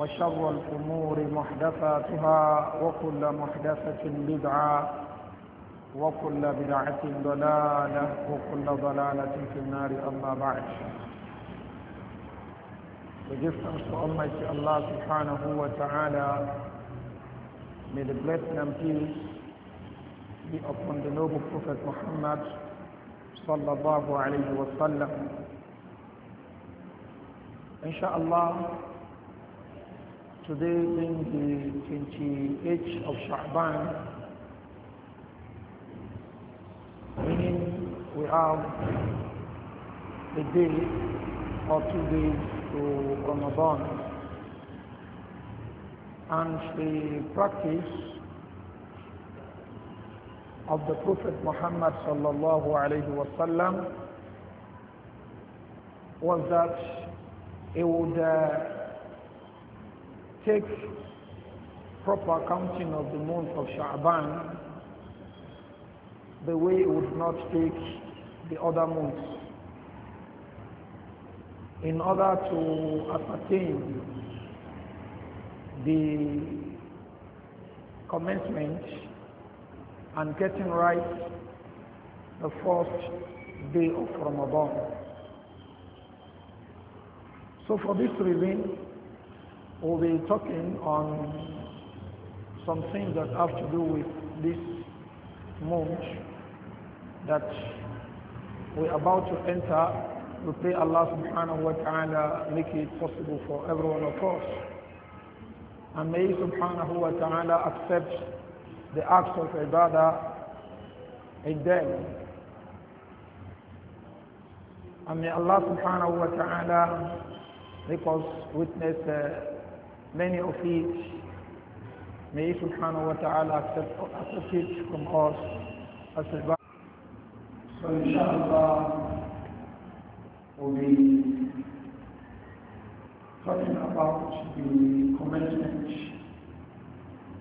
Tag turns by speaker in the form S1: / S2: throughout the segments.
S1: وشر الأمور محدثاتها وكل محدثة بدعة وكل بدعة ضلالة وكل ضلالة في النار أما بعد We give thanks to Almighty Allah subhanahu wa ta'ala. May the blessing and peace be upon the noble Prophet Muhammad sallallahu alayhi wa sallam. Inshallah, today being the 28th of Sha'ban, meaning we have a day or two days to Ramadan. And the practice of the Prophet Muhammad sallallahu alayhi wa was that he would uh, take proper counting of the month of Sha'ban the way it would not take the other months in order to ascertain the commencement and getting right the first day of Ramadan. So for this reason, We'll be talking on some things that have to do with this month that we're about to enter. We pray Allah subhanahu wa ta'ala make it possible for everyone of us. And may subhanahu wa ta'ala accept the acts of ibadah in them. And may Allah subhanahu wa ta'ala make us witness uh, many of it. May He subhanahu wa ta'ala accept, accept it from us So inshallah, we'll be talking about the commencement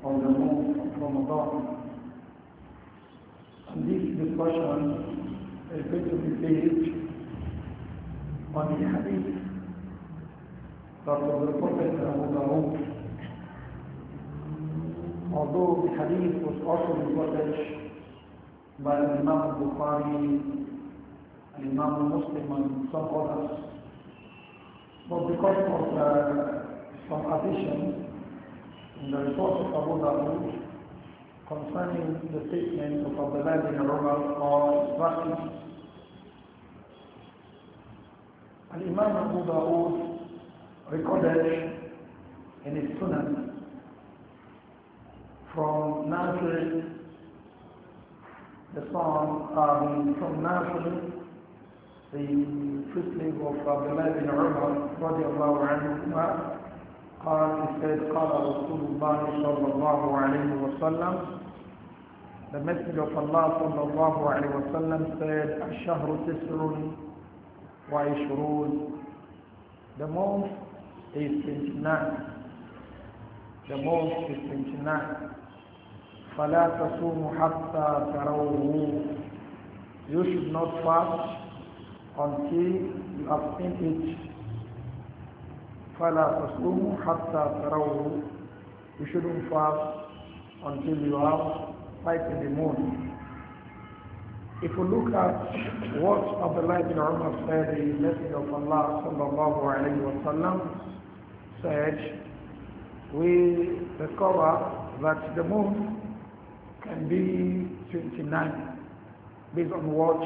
S1: of the month of Ramadan. And this discussion is going to be based on the hadith that was reported Abu Dawood. Although the hadith was also reported by Imam Bukhari and Imam Muslim and some others, but because of uh, some additions in the report of Abu Dawood concerning the statement of Abdullah bin Umar or practice, الإمام أبو داود recorded in his Sunan from Nasir, the son, um, from Nasir, the priestly of Abdullah bin Umar, our anhu, قال said قال رسول الله صلى الله عليه وسلم The Messenger of Allah صلى الله عليه وسلم said الشهر تسع وعشرون The month is The most is فَلَا حَتَّى تَرَوْهُ You should not fast until you have seen it. فَلَا حَتَّى تَرَوْهُ You shouldn't fast until you have light in the moon. If we look at what Abdullah ibn Umar said, the Messenger of Allah sallallahu alayhi wa sallam, said, we discover that the moon can be 29 based on what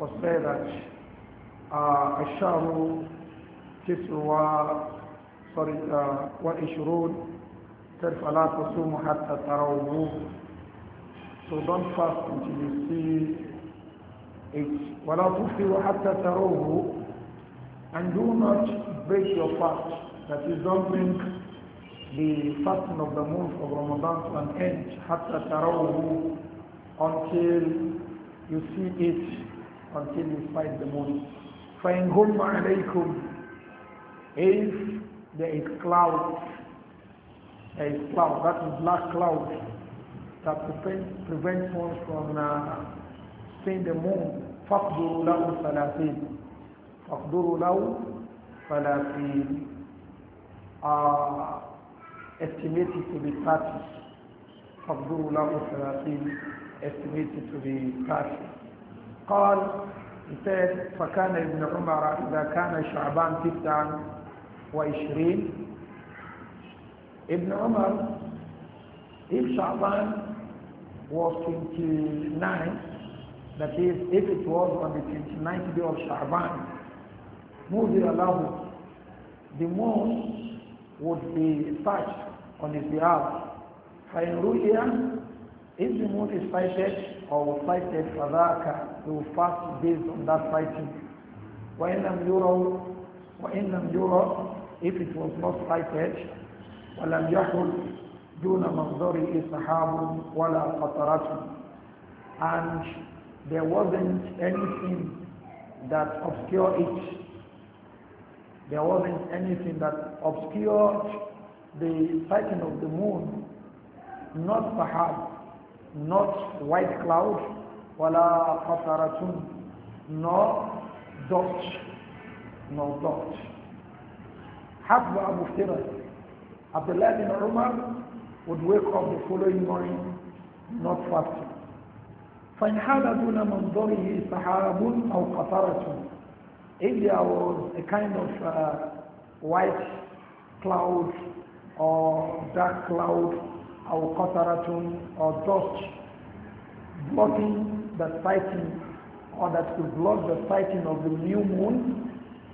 S1: was said that الشهر تسع و sorry وعشرون فلا تصوم حتى تروه so don't fast until you see it ولا تفطر حتى تروه and do not break your fast that you don't bring the fasting of the month of Ramadan to an end, حتى تروه until you see it, until you find the moon. فإن alaykum. if there is cloud, there is cloud, that is black cloud that prevents prevent one from uh, seeing the moon, فَقْدُرُوا لَهُ ثَلَاثِينَ فَقْدُرُوا لَهُ ثَلَاثِينَ are uh, estimated to be 30. Abdullah Salatin estimated to be 30. قال he said فكان ابن عمر إذا كان شعبان تسعا وعشرين ابن عمر if Shaban was 29 that is if it was on the 29th day of Shaban مُذِرَ لَهُ the most would be touched on his behalf. فإن رؤيا if the moon is sighted or was sighted فذاك he will fast based on that sighting. وإن لم يرى وإن لم يرى if it was not sighted ولم يحل دون مصدره سحاب ولا قطرات and there wasn't anything that obscured it there wasn't anything that obscured the sighting of the moon, not sahab, not white cloud, wala qataratun, nor dot, no dot. Hafwa Abu Firas, Abdullah bin Umar would wake up the following morning not fasting. فإن حال دون منظره سحاب أو قطرة if there was a kind of uh, white cloud or dark cloud or qasaratun or dust blocking the sighting or that could block the sighting of the new moon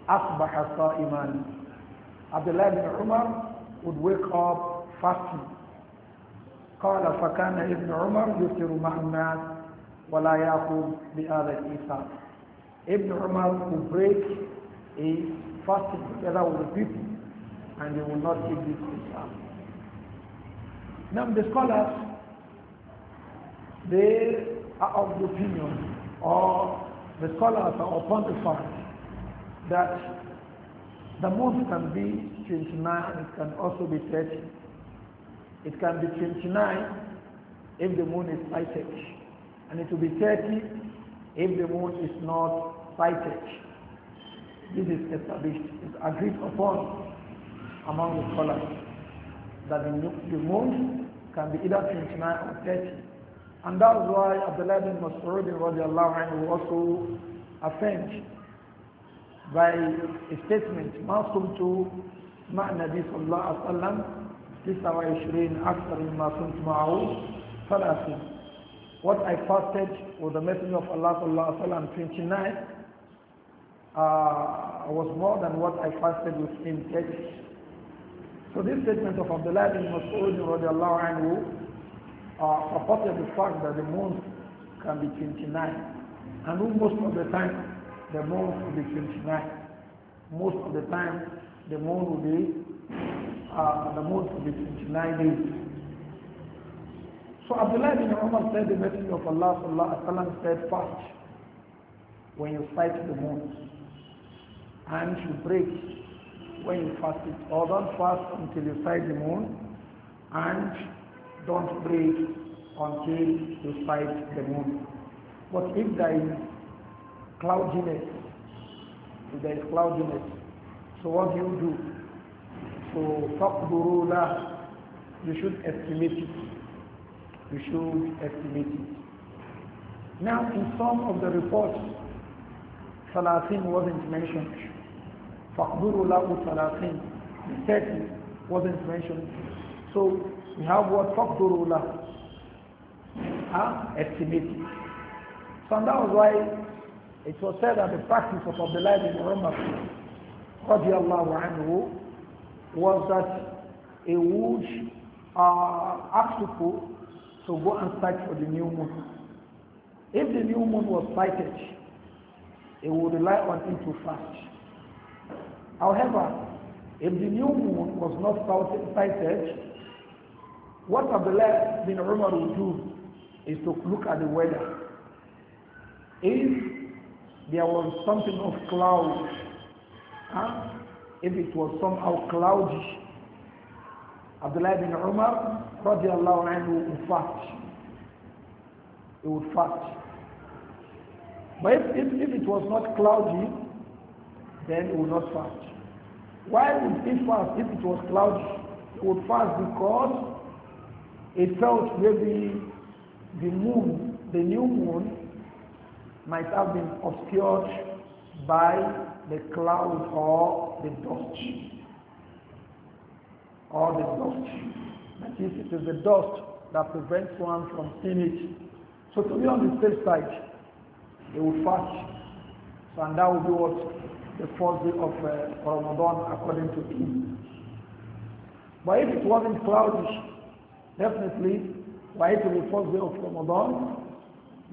S1: asbaha sa'iman Abdullah ibn Umar would wake up fasting قال فكان ابن عمر يفطر مع الناس ولا يأخذ بهذا الإيثار Ibn Umar will break a fasting together with the people and they will not take this Islam. Now the scholars, they are of the opinion or the scholars are upon the fact that the month can be 29, it can also be 30. It can be 29 if the moon is sighted, and it will be 30 if the moon is not sighted. This is established, it's agreed upon among the scholars that the, the moon can be either 29 or 30. And that's why Abdullah bin Mas'ud anhu also offends by a statement, ما صمت مع Sallallahu صلى الله عليه وسلم 29 after مما صمت معه 30 what I fasted with the Messenger of Allah sallallahu alaihi wasallam 29 uh, was more than what I fasted with him 30. So this statement of Abdullah bin Mas'ud radiallahu anhu uh, supported the fact that the moon can be 29 and most of the time the moon will be 29. Most of the time, the moon will be uh, the moon will be 29 days. So Abdullah bin Umar said, the Messenger of Allah sallallahu alaihi wasallam said, fast when you sight the moon, and you break when you fast it. Or don't fast until you sight the moon, and don't break until you sight the moon. But if there is cloudiness, if there is cloudiness, so what do you do? So, تَقْدُرُوا لَهُ You should estimate it you should estimate it. Now, in some of the reports, Salatin wasn't mentioned. Fakburu lahu Salatin, 30 wasn't mentioned. So we have what Fakburu lahu, huh? estimate it. So that was why it was said that the practice of Abdullah bin Umar radiallahu anhu was that a wood uh, obstacle so go and search for the new moon. If the new moon was sighted, it would rely on him to fast. However, if the new moon was not sighted, what Abdullah bin Umar would do is to look at the weather. If there was something of cloud, huh? if it was somehow cloudy, Abdullah bin Umar radiallahu anhu would fast. He would fast. But if, if, if it was not cloudy, then he would not fast. Why would he fast if it was cloudy? He would fast because he felt maybe the moon, the new moon, might have been obscured by the cloud or the dust or the dust. That is, it is the dust that prevents one from seeing it. So to be on the safe side, they will fast. So and that will be what the first day of uh, Ramadan according to him. But if it wasn't cloudy, definitely, why it be first day of Ramadan,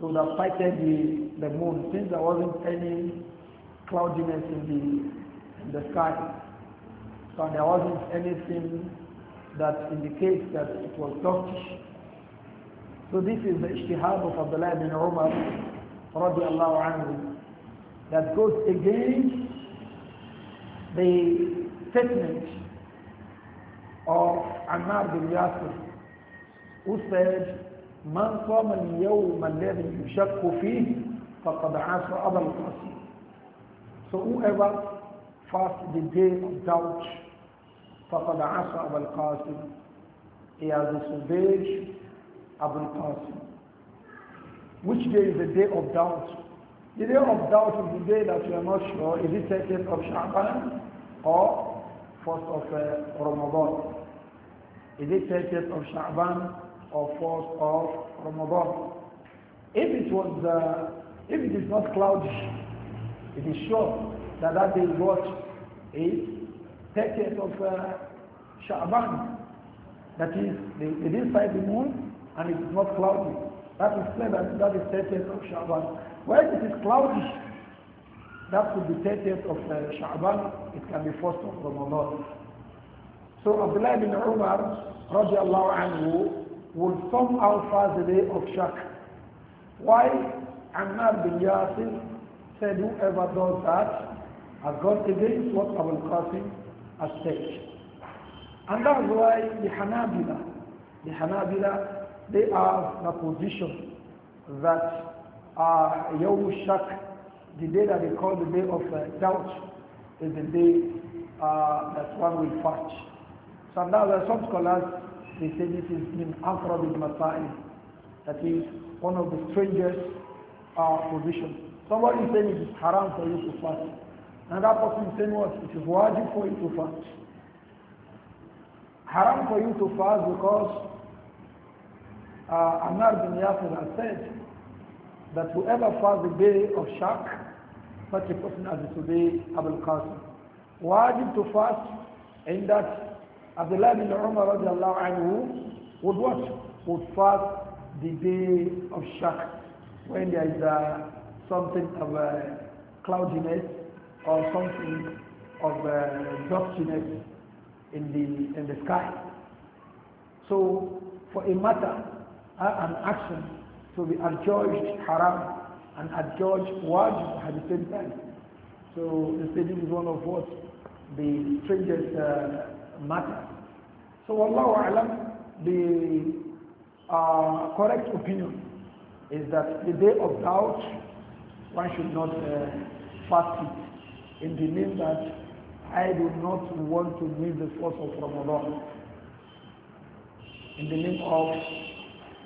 S1: they would have sighted the, the moon since there wasn't any cloudiness in the, in the sky. So there wasn't anything that indicates that it was Turkish. So this is the ijtihad of Abdullah bin Umar radiallahu anhu that goes against the statement of Ammar bin Yasir who said من صام اليوم الذي يشك فيه فقد عاصى أبا القاسم So whoever fasts the day of doubt فقد عصى أبا القاسم he has disobeyed Abu Qasim. Which day is the day of doubt? The day of doubt is the day that you are not sure is it 30th of Sha'ban or 1st of uh, Ramadan. Is it 30th of Sha'ban or 1st of Ramadan? If it was, uh, if it is not cloudy, it is sure that that day is what is 30th of uh, Sha'ban. That is, they, they the moon and it's not cloudy. That is clear that that is 30th of Sha'ban. Where it is cloudy, that could be 30th of uh, Sha'ban, it can be 1st of Ramadan. So Abdullah bin Umar, radiallahu anhu, would somehow fast the day of Shak. Why Ammar bin Yasir said whoever does that has gone against what Abu Qasim Aspect, And that's why the Hanabila, the Hanabila, they are the position that uh, Shak, the day that they call the day of uh, doubt, is the day uh, that one will fast. So now there are some scholars, they say this is in Afro-Bizmaite, bin Masai, that is one of the strangest uh, positions. Somebody is saying it is haram for you to fast. Now that person is saying what? wajib for you to fast. Haram for you to fast because uh, Ammar bin Yasir has said that whoever fasts the day of Shak, such a person as today Abul Qasim. Wajib to fast in that Abdullah bin Umar radiallahu anhu would what? Would fast the day of Shak when there is uh, something of uh, cloudiness or something of uh, dustiness in the, in the sky. So for a matter, uh, an action to be adjudged haram and adjudged wajib at the same time. So the stadium is one of what the strangest uh, matter. So Allah alam, the uh, correct opinion is that the day of doubt, one should not uh, fast it in the name that I do not want to miss the first of Ramadan. In the name of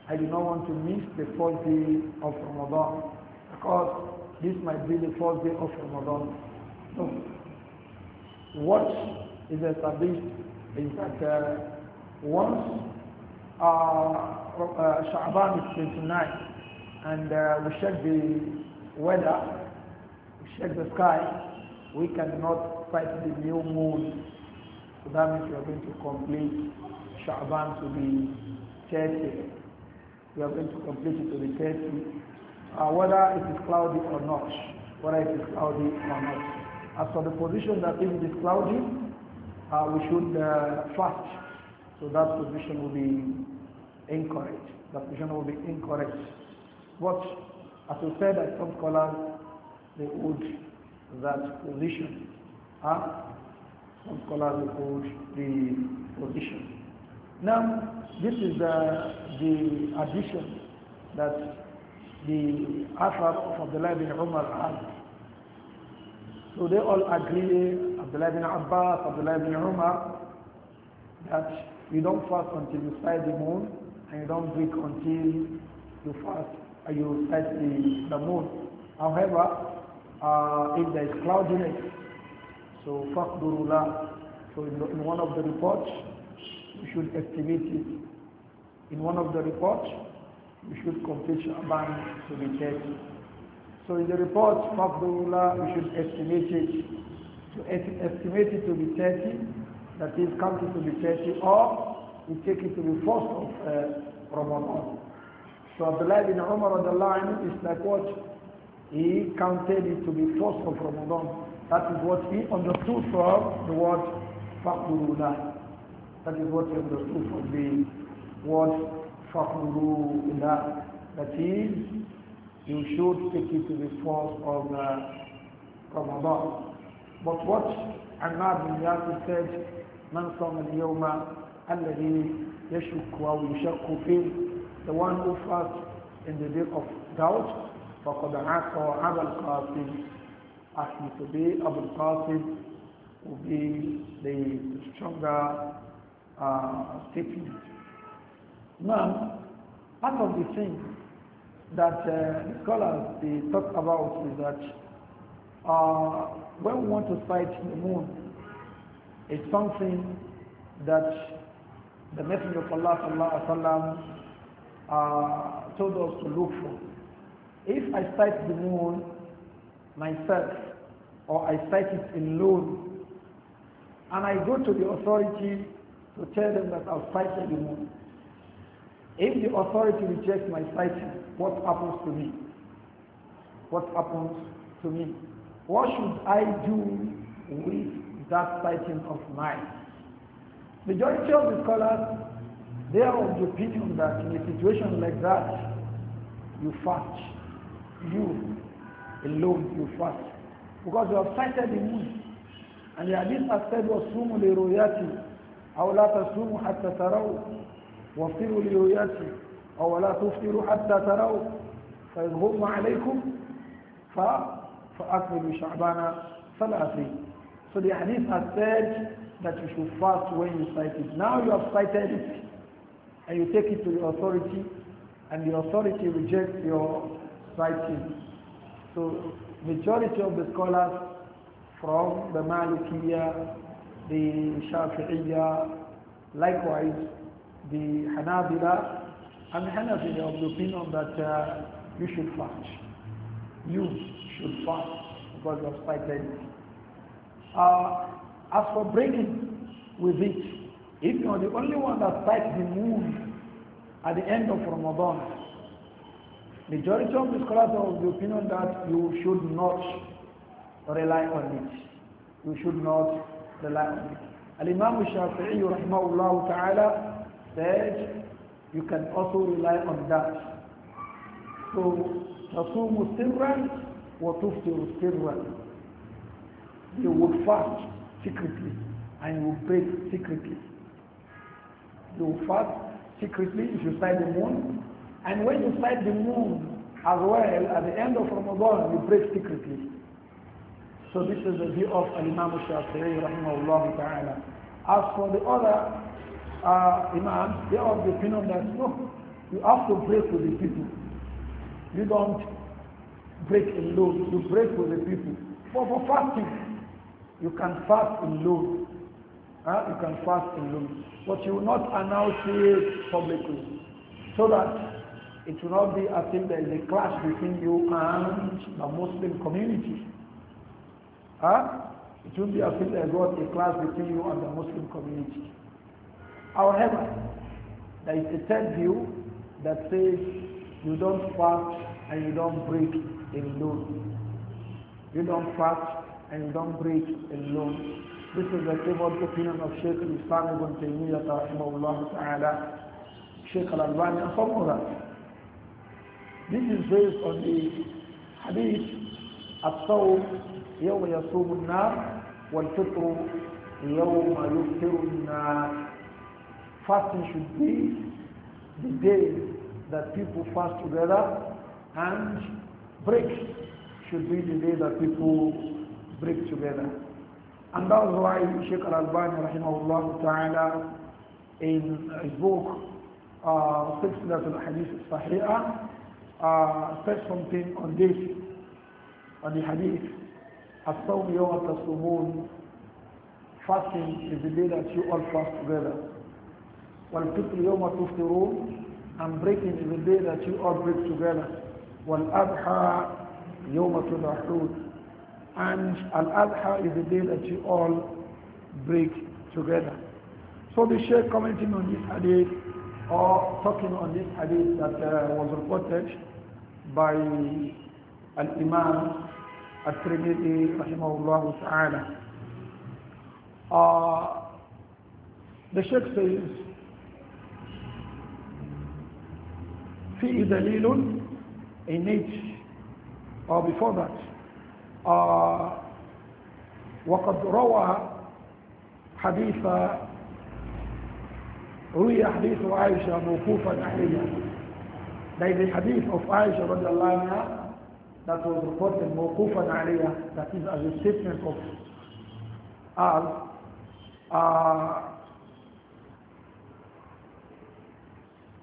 S1: I do not want to miss the first day of Ramadan because this might be the first day of Ramadan. No. What is established is that uh, once uh, uh, Sha'ban is 29 and uh, we check the weather, we check the sky, we cannot fight the new moon. So that means we are going to complete Sha'ban to the 30. We are going to complete it to the 30. Uh, whether it is cloudy or not. Whether it is cloudy or not. As for the position that if it is cloudy, uh, we should uh, fast. So that position will be incorrect. That position will be incorrect. But as we said, that some scholars, they would that position. Huh? Some scholars call the position. Now, this is the, the addition that the Ashar of Abdullah bin Umar had. So they all agree, Abdullah bin Abbas, Abdullah bin Umar, that you don't fast until you sight the moon, and you don't drink until you fast, and uh, you sight the, the moon. However, uh, if there is cloud in it. So fakdurula. So in, in one of the reports, you should estimate it. In one of the reports, you should complete Shaban to be 30. So in the report, fakdurula, you should estimate it. So estimate it to be 30, that is, count it to be 30, or you take it to be first of uh, Ramadan. So Abdullah the Umar is like what? He counted it to be first of Ramadan. That is what he understood from the word Fakurullah. That is what he understood from the word Fakurullah. That is, you should take it to the first of uh, Ramadan. But what Ammar bin Yasir said, "Man al اليوم al يشك أو يشك the one who fasts in the day of doubt فقد عصى أبا القاسم asking to be Abu Qasim will be the stronger uh, Now, part of the thing that uh, the scholars they talk about is that uh, when we want to sight the moon, it's something that the Messenger of Allah sallallahu alaihi wasallam uh, told us to look for. If I cite the moon myself or I cite it alone and I go to the authority to tell them that I've cited the moon, if the authority rejects my citing, what happens to me? What happens to me? What should I do with that citing of mine? Majority of the scholars, they are of the opinion that in a situation like that, you fast you alone you fast because you have sighted the moon and the hadith has said وَصُومُ لِرُؤْيَاتِ أَوْ لَا تَصُومُوا حَتَّى تَرَوْا وَافْطِرُوا لِرُؤْيَاتِ أَوْ لَا تُفْطِرُوا حَتَّى تَرَوْا فَإِنْ غُمَّ عَلَيْكُمْ فَأَكْمِلُوا شَعْبَانَ ثَلَاثِينَ So the hadith has said that you should fast when you sight it. Now you have sighted it and you take it to the authority and the authority rejects your Writing, So majority of the scholars from the Malikiya, the Shafi'iya, likewise the Hanabila and Hanabila are of the opinion that uh, you should fast. You should fast because of fighting. Uh, as for breaking with it, if you are the only one that fights the moon at the end of Ramadan, Majority of the scholars are of the opinion that you should not rely on it. You should not rely on it. Al-Imam Shafi'i rahimahullah ta'ala said you can also rely on that. So, تصوم سرا وتفطر سرا. You will fast secretly and you will pray secretly. You will fast secretly if you sight the moon and when you sight the moon as well, at the end of Ramadan, you pray secretly. So this is the view of Imam Shafi'i rahimahullah ta'ala. As for the other uh, imams, they are of the opinion that no, you have to pray for the people. You don't break in load, you pray for the people. But for fasting, you can fast in load. Huh? You can fast in load. But you will not announce it publicly. So that it will not be as if there is a clash between you and the Muslim community. Huh? It will be as if there is not a clash between you and the Muslim community. However, there is a third view that says you don't fast and you don't break in loan. You don't fast and you don't break in loan. This is the favored opinion of Sheikh Islam ibn Taymiyyah Sheikh Al-Albani and some others. This is based on the hadith الصوم يوم يصوم النار والفطر يوم يفطر النار Fasting should be the day that people fast together and break should be the day that people break together. And that was why Sheikh Al-Albani rahimahullah ta'ala in his book uh, Sixth Letter Hadith Sahihah uh, said something on this, on the hadith. As-sawm yawm tasumun Fasting is the day that you all fast together. وَالْفِطْرِ يَوْمَ تُفْطِرُونَ And breaking is the day that you all break together. وَالْأَضْحَى يَوْمَ تُضَحُونَ And Al-Adha is the day that you all break together. So the Shaykh commenting on this hadith or talking on this hadith that uh, was reported by Al-Imam At-Tirmidhi rahimahullah ta'ala. the Sheikh says, فيه دليل in it or before that uh, وقد روى حديث روي حديث عائشة موقوفا عليها There is a hadith of Aisha radiallahu anha that was reported mawqufan aliyah, that is as a statement of as uh,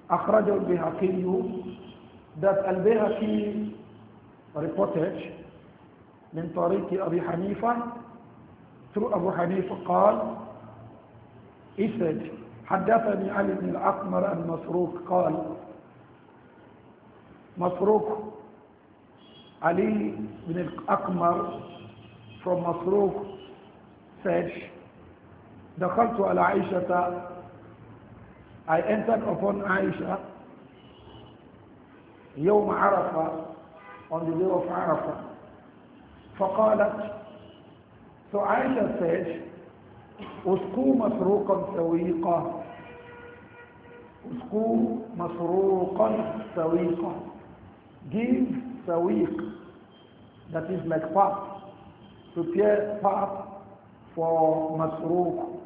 S1: أخرجه البيهقي that البيهقي reported من طريق أبي حنيفة through أبو حنيفة قال he said حدثني علي بن الأقمر المسروق قال مصروف علي بن الأكمر from مصروف said دخلت على عائشة I entered upon عائشة يوم عرفة on the day of عرفة فقالت so عائشة said اسقوا مسروقا سويقا اسقوا مسروقا سويقا Give sawiq, that is like to Prepare fat for masruq.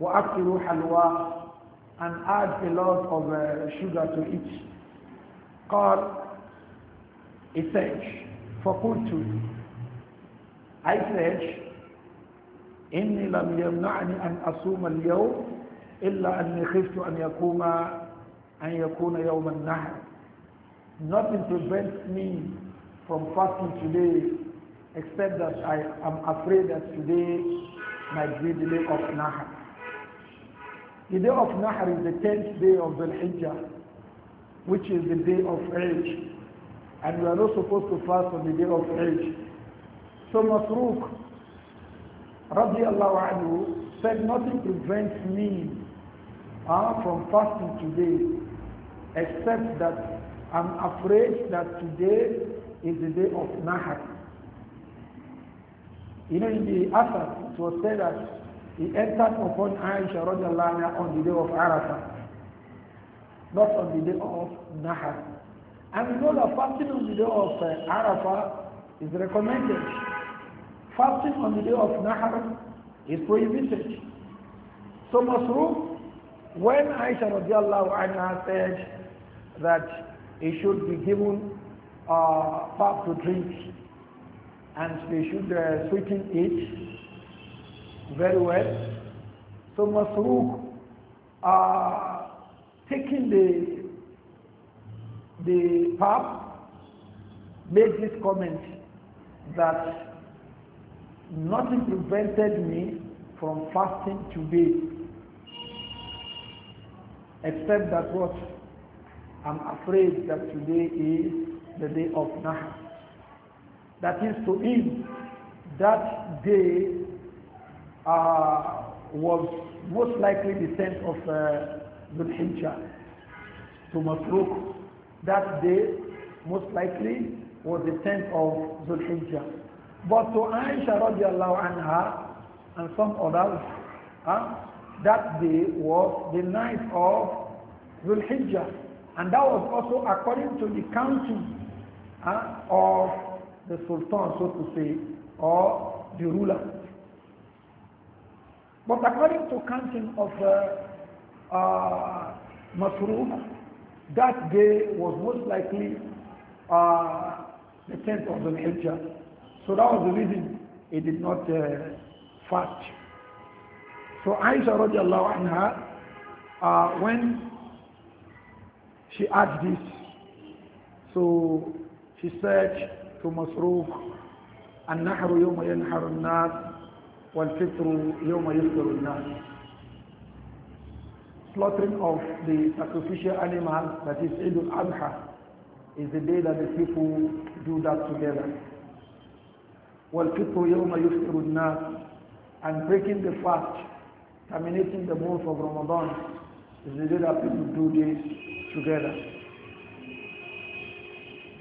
S1: وَأَكْلُوا halwa and add a lot of uh, sugar to it. قال he said, فَقُلْتُ I said, إني لم يمنعني أن أصوم اليوم إلا أني خفت أن يكون أن يكون يوم nothing prevents me from fasting today except that I am afraid that today might be the day of Nahar. The day of Nahar is the 10th day of the Hijjah, which is the day of Eid. And we are not supposed to fast on the day of Eid. So Masruq, radiallahu anhu, said nothing prevents me uh, from fasting today except that I'm afraid that today is the day of Nahat. You know, in the Asad, it was said that he entered upon Aisha anha on the day of Arafah, not on the day of Nahat. And we know that fasting on the day of uh, Arafah is recommended. Fasting on the day of Nahar is prohibited. So Masruf, when Aisha radiallahu anha said that he should be given uh, pap to drink and they should uh, sweeten it very well. So Masruq uh, taking the the pap made this comment that nothing prevented me from fasting today except that what I'm afraid that today is the day of Nahr. That is to him, that day uh, was most likely the 10th of uh, Hijjah to Masruq. That day most likely was the 10th of Dhul Hijjah. But to Aisha radiallahu anha and some others, uh, that day was the night of Dhul Hijjah. And that was also according to the council uh, of the Sultan, so to say, or the ruler. But according to counting of uh, uh that day was most likely uh, the 10th of the Hijjah. So that was the reason he did not uh, fast. So Aisha radiallahu anha, uh, when she asked this. So she said to Masruq, النحر يوم ينحر الناس والفطر يوم يفطر الناس Slaughtering of the sacrificial animal that is Eid al-Adha is the day that the people do that together. وَالْفِطْرُ يَوْمَ يُفْطِرُ النَّاسِ And breaking the fast, terminating the month of Ramadan it's the day that people do this together.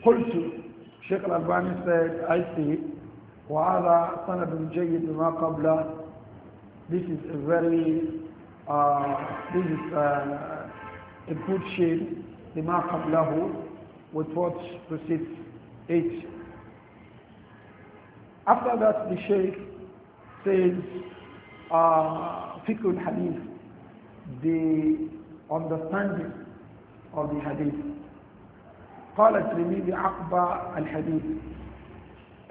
S1: قلت Sheikh said, I see, وَهَذَا سَنَدٌ جَيِّدٌ مَا قَبْلَهُ This is a very, uh, this is uh, a good shade, لِمَا قَبْلَهُ, with what precedes it. After that, the Sheikh says, uh, فِكْرُ الْحَدِيثِ the understanding of the hadith. قال الترمذي عقب الحديث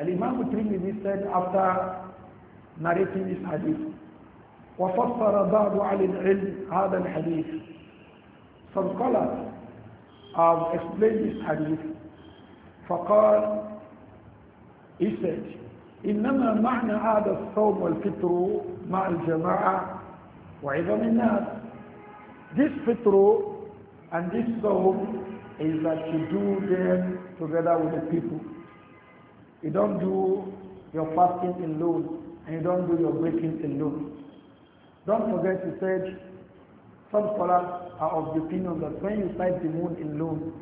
S1: الإمام الترمذي said after narrating this hadith وفسر بعض على العلم هذا الحديث some scholars have explained this hadith فقال he said إنما معنى هذا الصوم والفطر مع الجماعة وعظم الناس this fitro and this song is that you do them together with the people. You don't do your fasting alone and you don't do your breaking alone. Don't forget to said some scholars are of the opinion that when you sight the moon alone,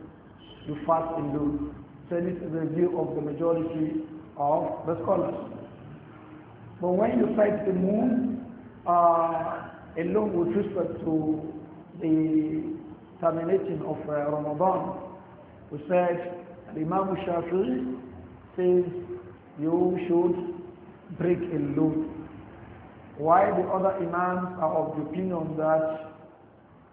S1: you fast alone. So this is the view of the majority of the scholars. But when you sight the moon uh, alone with respect to the termination of uh, Ramadan, Who said Imam Shafi'i says you should break a load. While the other Imams are of the opinion that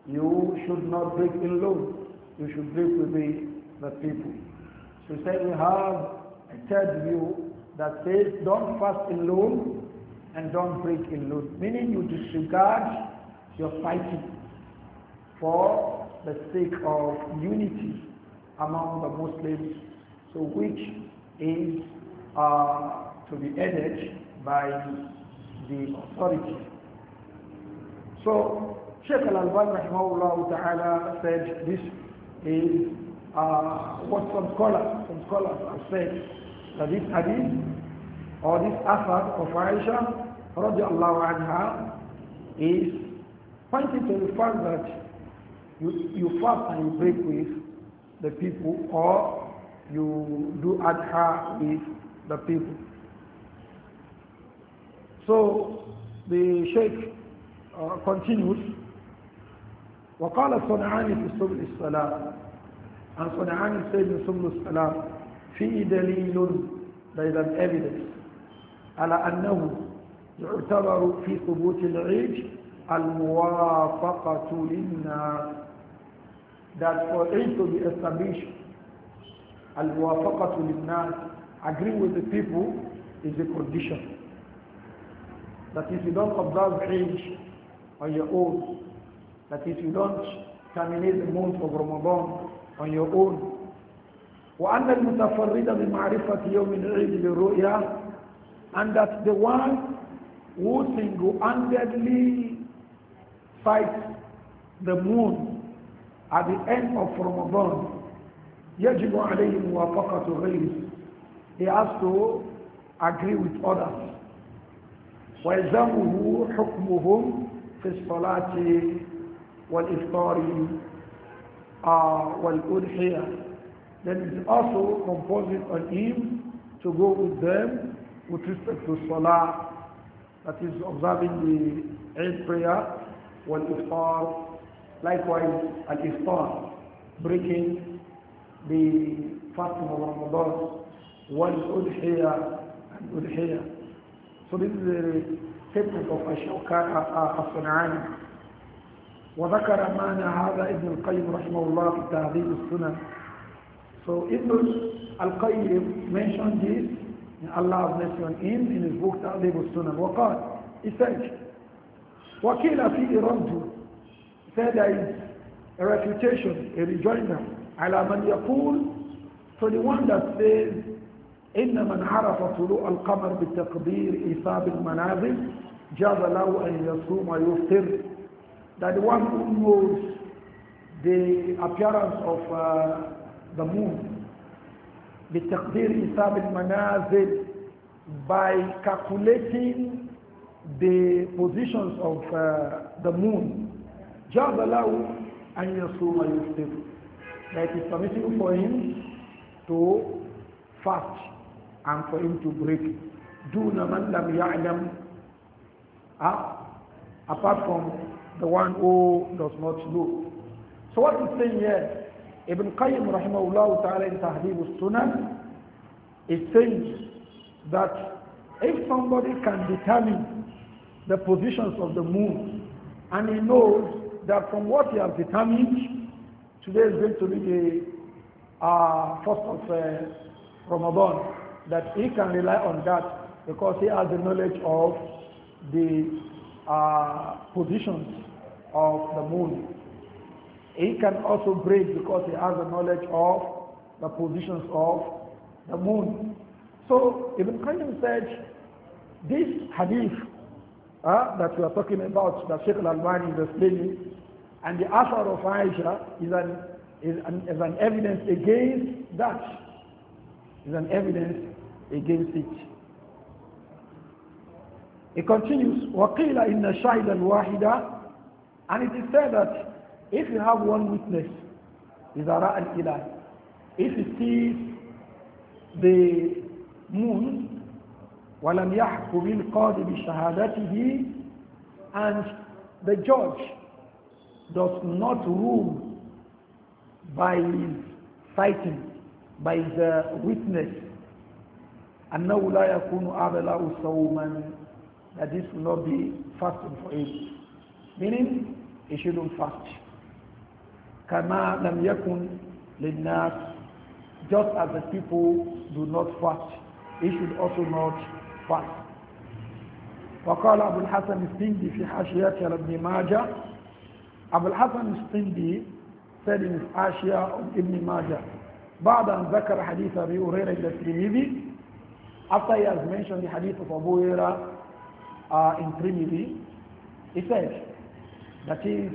S1: you should not break in law, you should break with the, the people. So we said we have a third view that says don't fast in law and don't break in law, meaning you disregard your fighting for the sake of unity among the Muslims, so which is uh, to be aided by the authority. So Sheikh Al-Alban ta'ala said this is uh, what some scholars, some scholars have said that this hadith or this asad of Aisha radiallahu anha is pointing to the fact that you, you fast and you break with the people or you do adha with the people. So the Sheikh uh, continues, وقال صنعاني في سبل الصلاة and صنعاني said in سبل الصلاة فيه دليل there is an evidence على أنه يعتبر في ثبوت العيد الموافقة للناس that for it to be established, al-muwafaqatu lil-nas, agree with the people is a condition. That if you don't observe Eid on your own, that if you don't terminate the month of Ramadan on your own, وأن المتفرد بمعرفة يوم العيد للرؤيا and that the one who single-handedly fights the moon at the end of Ramadan, يجب عليه موافقة غيره. He has to agree with others. ويلزمه حكمهم في الصلاة والإفطار والأضحية. Then it's also composite on him to go with them with respect to Salah, that is observing the Eid prayer, والإفطار Likewise, at iftar, breaking the fasting of Ramadan, one udhiyah and udhiyah. So this is the statement of Ashokar uh, uh, As-Sun'ani. وذكر معنى هذا ابن القيم رحمه الله في تهذيب السنن. So Ibn al-Qayyim mentioned this Allah mentioned him in his book Ta'lib al-Sunan. وقال, he said, وَكِيلَ فِي said there is a refutation, a rejoinder, على من يقول for the one that says إن من عرف طلوع القمر بتقدير إيصاب المنازل جاز له أن يصوم ويفطر that the one who knows the appearance of uh, the moon بتقدير إيصاب المنازل by calculating the positions of uh, the moon جاب له أن يصوم that that is permissible for him to fast and for him to break دون من لم يعلم apart from the one who does not know so what is saying here Ibn Qayyim rahimahullah ta'ala in Tahdib sunan it says that if somebody can determine the positions of the moon and he knows that from what you have determined, today is going to be the uh, first of uh, Ramadan, that he can rely on that because he has the knowledge of the uh, positions of the moon. He can also break because he has the knowledge of the positions of the moon. So Ibn Qayyim said, this hadith uh, that we are talking about, that Sheikh Al-Albani is explaining, and the Asar of Aisha is an, is an, is an evidence against that. Is an evidence against it. It continues, وَقِيلَ إِنَّ شَهِدَ الْوَاحِدَ And it is said that if you have one witness, إِذَا رَأَ الْإِلَهِ If he sees the moon, وَلَمْ يَحْكُمِ الْقَاضِ بِشَهَادَتِهِ And the judge does not rule by his fighting, by his uh, witness, أنه لا يكون أعلى صوما that this will not be fasting for him. Meaning, he shouldn't fast. كما لم يكن للناس just as the people do not fast, he should also not fast. وقال أبو الحسن السندي في حاشيته على ماجه Abul al Sindi said in his Ashia of Ibn Majah, بعد أن ذكر حديث أبي هريرة إلى الترمذي after he has mentioned the hadith of Abu Huraira uh, in Trimidi, he said, that is,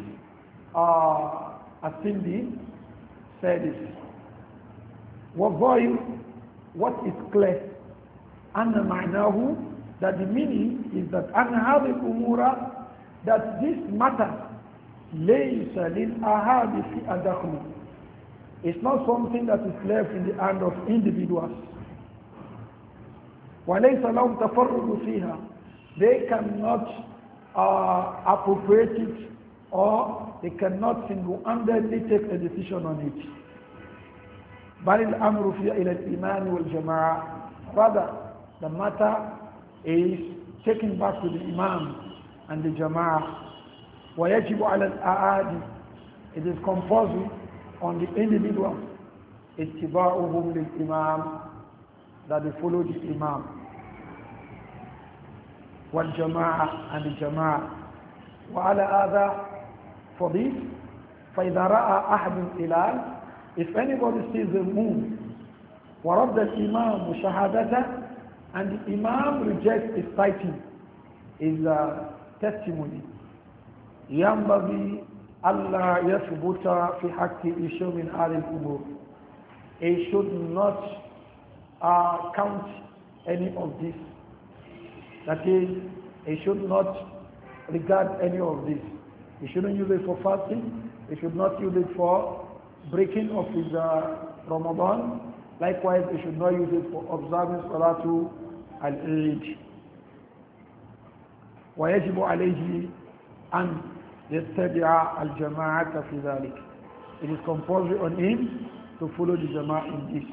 S1: uh, Asindi said this, وَالظَّاهِرُ What is clear? أَنَّ مَعْنَاهُ That the meaning is that أَنَّ هَذِهِ الْأُمُورَ That this matter لَيْسَ لِلْأَهَادِ أَدَخْلُ It's not something that is left in the hand of individuals. وَلَيْسَ لَهُمْ تَفَرُّدُ فِيهَا They cannot uh, appropriate it or they cannot single-handedly take a decision on it. بَلِ الْأَمْرُ فِيهَا إِلَى الْإِيمَانِ وَالْجَمَاعَةِ Rather, the matter is taken back to the Imam and the Jama'ah وَيَجِبُ عَلَى It is compulsory on the individual اتباعهم للإمام that they follow the Imam والجماعة and the Jama'ah وعلى هذا for this فإذا رأى أحد if anybody sees the moon ورد الإمام شهادته and the Imam rejects his sighting his a uh, testimony ينبغي ألا يثبت في حق issue من هذه الأمور It should not uh, count any of this. That is, it should not regard any of this. He shouldn't use it for fasting. He should not use it for breaking of his uh, Ramadan. Likewise, he should not use it for observing Salatu al-Eid. ويجب عليه أن يتبع الجماعة في ذلك It is compulsory on him to follow the Jama'ah in this.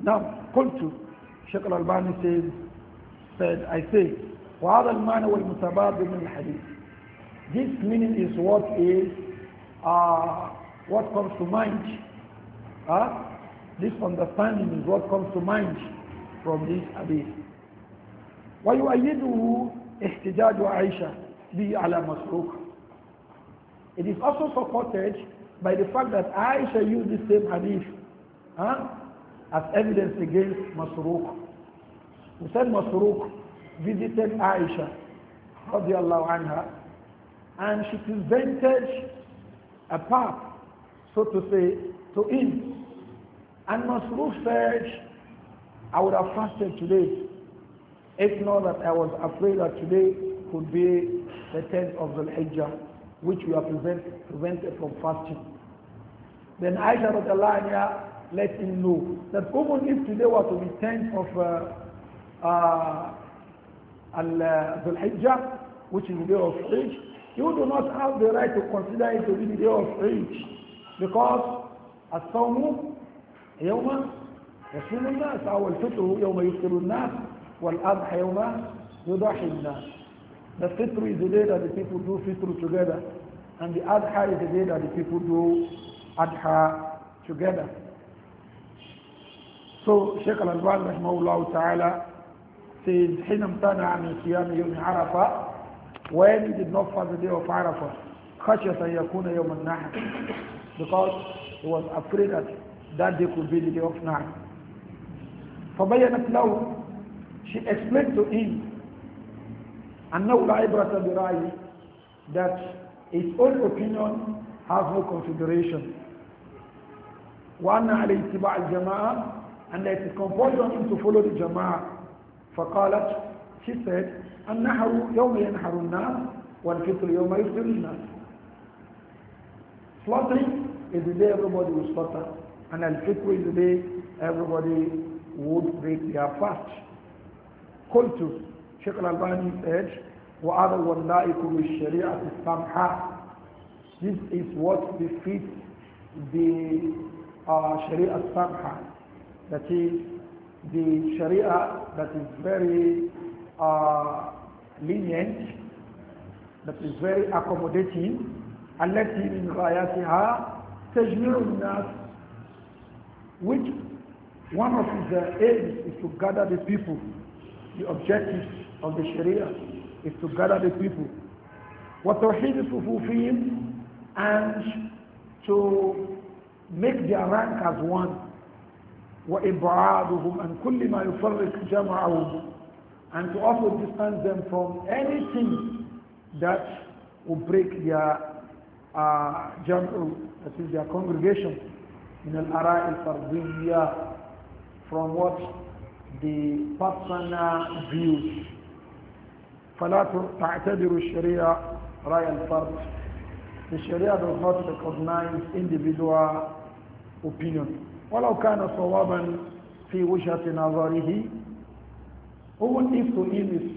S1: Now, قلت Sheikh Al-Albani says, said, I say, وهذا المعنى والمتبادل من الحديث. This meaning is what is, uh, what comes to mind. Huh? This understanding is what comes to mind from this hadith. ويؤيده احتجاج عائشة به على مسروق. It is also supported by the fact that Aisha used the same hadith huh, as evidence against Masruq. We said Masruq visited Aisha radiallahu anha and she presented a path, so to say, to him. And Masruq said, I would have fasted today if not that I was afraid that today could be the 10th of the Hijjah, which we are prevent, prevented from fasting. Then Aisha Radalanya let him know that even if today was to be 10th of uh, uh, the uh, Hijjah, which is the day of age, you do not have the right to consider it to be the day of age, because as some yawma يسلم الناس أو الفطر يوم يفطر الناس والأضحى يوم يضحي الناس The fitr is the day that the people do fitr together and the adha is the day that the people do adha together. So Sheikh Al-Alban rahimahullah ta'ala says, حين امتنع من صيام يوم arafa when he did not fast the day of arafa خشية أن يكون يوم because he was afraid that that day could be the day of Nahr. فبينت له she explained to him أنه لا عبرة برأيه that his own opinion has no consideration وأن على اتباع الجماعة and that it is compulsory him to follow the جماعة فقالت she said النحر يوم ينحر الناس والفطر يوم يفطر الناس slaughtering is the day everybody will slaughter and al-fitr is the day everybody would break their fast. Qultu, Sheikh al-Albani said, وَعَذَا وَاللَّائِكُمْ الشَّرِيعَةِ السَّمْحَةِ This is what defeats the uh, Sharia Samha, that is the Sharia that is very uh, lenient, that is very accommodating, التي من غايتها تجميع الناس which one of his aims is to gather the people. The objective of the Sharia is to gather the people. What to fulfil and to make their rank as one وإبعادهم عن كل ما يفرق جمعهم and to also distance them from anything that will break their uh, jam, that is their congregation in من الآراء الفردية from what the personal views. فلا تعتبر الشريعة رأي الفرد. The Sharia does not recognize individual opinion. ولو كان صوابا في وجهة نظره even if to him is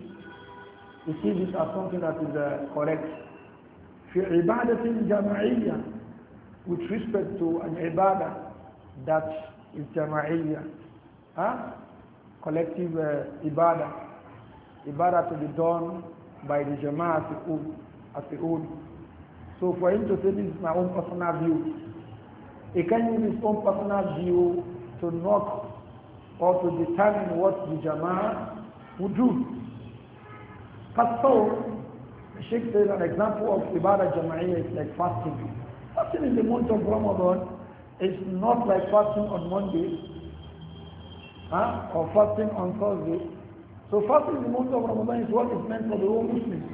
S1: he sees it as something that is uh, correct في عبادة جماعية with respect to an ibadah that is جماعية huh? collective uh, ibadah, ibadah to be done by the Jama'ah as a whole. So for him to say this is my own personal view, he can use his own personal view to knock or to determine what the Jama'ah would do. Pastor, Sheikh says an example of Ibadah Jama'iyah is like fasting. Fasting in the month of Ramadan is not like fasting on Monday huh? or fasting on Thursday. So fasting in the month of Ramadan is what is meant for the whole Muslims.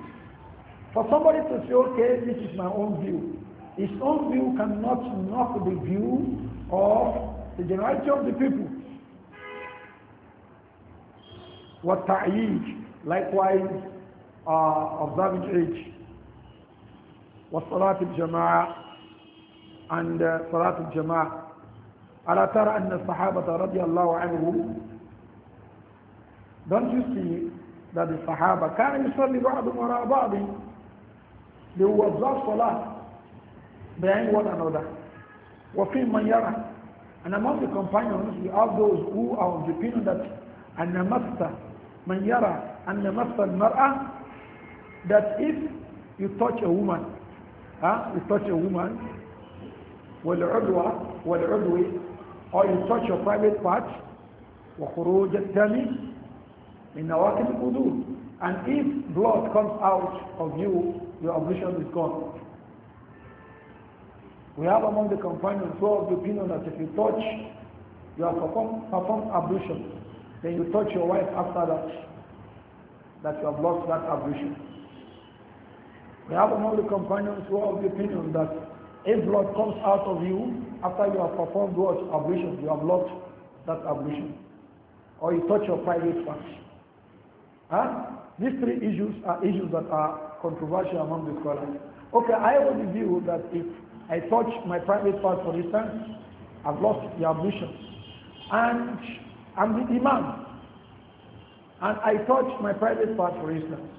S1: For somebody to say, okay, this is my own view. His own view cannot knock the view of the generality of the people. What ta'yij, likewise, uh, observant age. What salat al-jama'ah and uh, salat al-jama'ah. ألا ترى أن الصحابة رضي الله عنهم don't you see that the Sahaba كان يصلي بعضهم وراء بعض they will observe salah behind one another وفي من يرى and among the companions we have those who are of the opinion that أن مست من يرى أن مست المرأة that if you touch a woman huh? you touch a woman والعدوى والعدوى or you touch your private parts, وَخُرُوجَ الدَّمِ مِنْ نَوَاكِبِ الْقُدُورِ And if blood comes out of you, your ablution is gone. We have among the companions who have the opinion that if you touch, you have performed, performed ablution. Then you touch your wife after that, that you have lost that ablution. We have among the companions who have the opinion that if blood comes out of you, after you have performed what ablution, you have lost that ablution. Or you touch your private parts. Huh? These three issues are issues that are controversial among the scholars. Okay, I have the view that if I touch my private part, for instance, I've lost the ablution. And I'm the imam. And I touch my private part, for instance.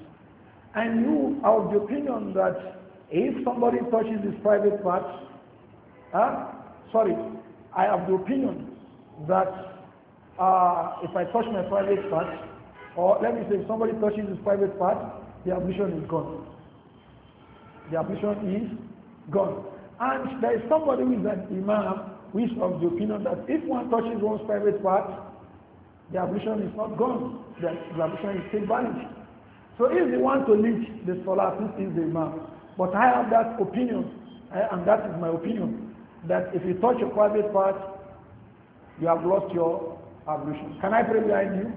S1: And you are of the opinion that if somebody touches his private part, huh, sorry, I have the opinion that uh, if I touch my private part, or let me say if somebody touches his private part, the ablution is gone. The ablution is gone. And there is somebody who is an imam who is of the opinion that if one touches one's private part, the ablution is not gone. The, the ablution is still valid. So if they want to lead the solar, this is the imam. But I have that opinion, and that is my opinion that if you touch a private part, you have lost your ablution. Can I pray behind you?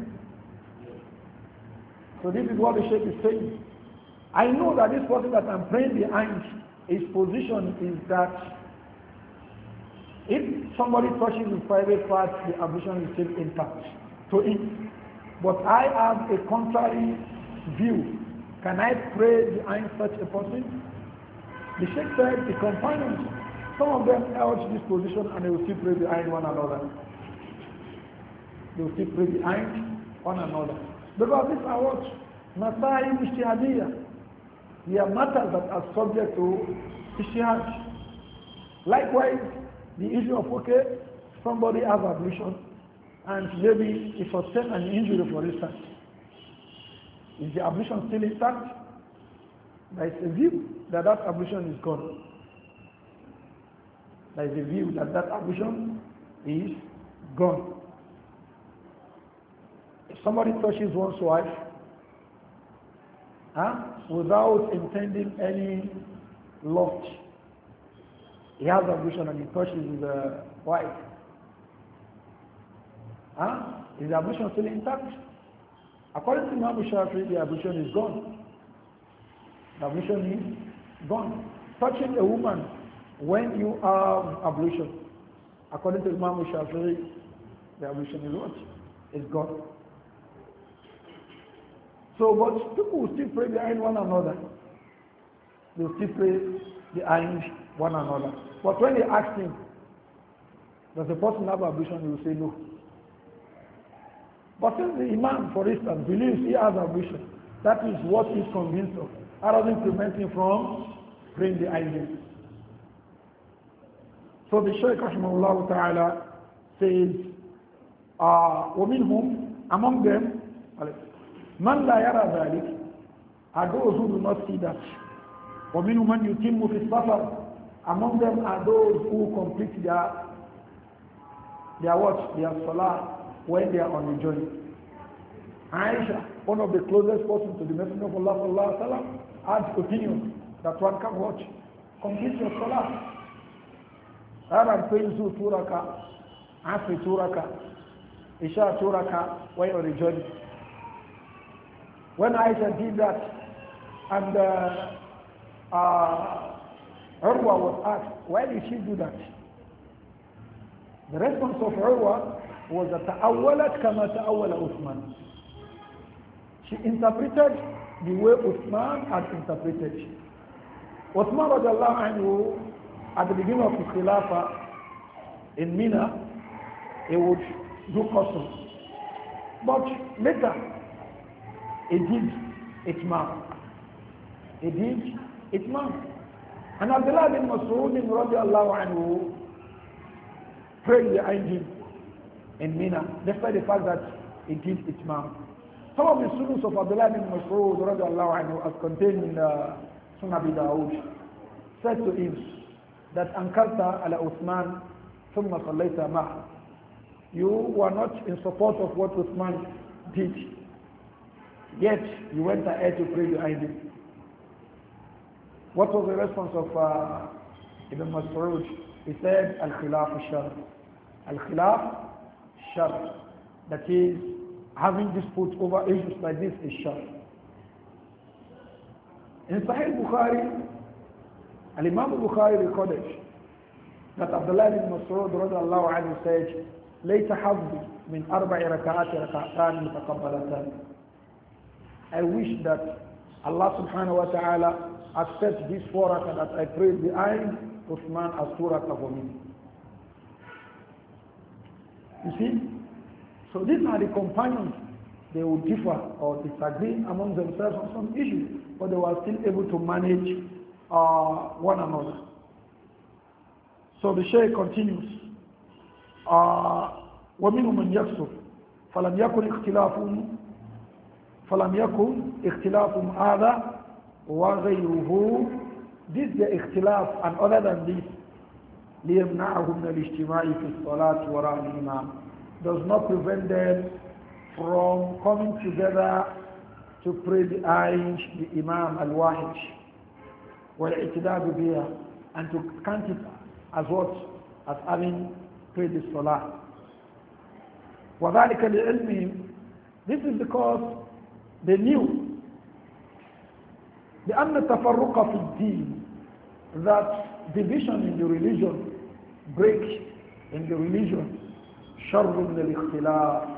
S1: So this is what the Sheikh is saying. I know that this person that I'm praying behind, his position is that if somebody touches his private part, the ablution is still intact to it. But I have a contrary view. Can I pray behind such a person? The Sheikh said the companions some of them held this position and they will still pray behind one another. They will still pray behind one another. Because these are what? Masail Ishtihadiyah. They are matters that are subject to Ishtihad. Likewise, the issue of, okay, somebody has ablution and maybe he sustained an injury, for instance. Is the ablution still intact? There is a view that that ablution is gone there is a view that that abortion is gone. If somebody touches one's wife huh, without intending any lust, he has abortion and he touches his uh, wife. Huh? Is ablution still intact? According to Imam Shafi, the abortion is gone. The abortion is gone. Touching a woman when you have ablution, according to Imam Shafi'i, the ablution is what? Is God. So, but people will still pray behind one another. They will still pray behind one another. But when they ask him, does the person have ablution? He will say no. But since the Imam, for instance, believes he has ablution, that is what he's convinced of. That doesn't prevent him from praying behind him. So the Shaykh Rahimahullah Ta'ala says, uh, Among them, man لَا يَرَى Are those who do not see that. وَمِنْهُمْ مَنْ يُتِمُّ فِي السَّفَرِ Among them are those who complete their their what? Their salah when they are on the journey. Aisha, one of the closest persons to the Messenger of Allah sallallahu alaihi wasallam, had opinion that one can watch complete your salah ranar faizu turaka afi turaka isha turaka why on the journey when I did that and uh, uh, Urwa was asked why did she do that the response of Urwa was that ta'awwalat kama awal Uthman she interpreted the way Uthman had interpreted Uthman radiallahu anhu at the beginning of his Khilafah in Mina, he would do customs. But later, he did Itmam. He did Itmam. And Abdullah bin Mas'ud Allah anhu prayed behind him in Mina, despite the fact that he did Itmam. Some of the students of Abdullah bin Mas'ud Allah anhu, as contained in uh, Sunnah Dawud, said to him, that Ankarta ala Uthman thumma sallaita ma'ah. You were not in support of what Uthman did. Yet you went ahead to pray behind him. What was the response of uh, Ibn Mas'ud? He said, Al-Khilaf Shar. Al-Khilaf Shar. That is, having disputes over issues like this is Shar. In Sahih Bukhari, and Imam Bukhari recorded that Abdullah bin Mas'ud radiallahu anhu said, لَيْتَ حَظِّي مِنْ أَرْبَعِ رَكَعَاتِ رَكَعَتَانِ مُتَقَبَّلَتَانِ I wish that Allah subhanahu wa ta'ala accept this four rakah that I prayed behind Uthman as two rakah for me. You see? So these are the companions. They would differ or disagree among themselves on some issue, but they were still able to manage uh, one another. So the Shaykh continues, uh, وَمِنْهُ مَنْ يَكْسُرْ فَلَمْ يَكُنْ اخْتِلَافٌ فَلَمْ يَكُنْ اخْتِلَافٌ هَذَا وَغَيْرُهُ This the اختلاف and other than this لِيَمْنَعَهُمْ مِنَ الْاجْتِمَاعِ فِي الصَّلَاةِ وَرَاءَ الْإِمَامِ Does not prevent them from coming together to pray behind the Imam al-Wahid. والاعتداد بها uh, and to count it as what? As having prayed the salah. وذلك لعلمهم This is because they knew لأن التفرق في الدين that division in the religion break in the religion شر من الاختلاف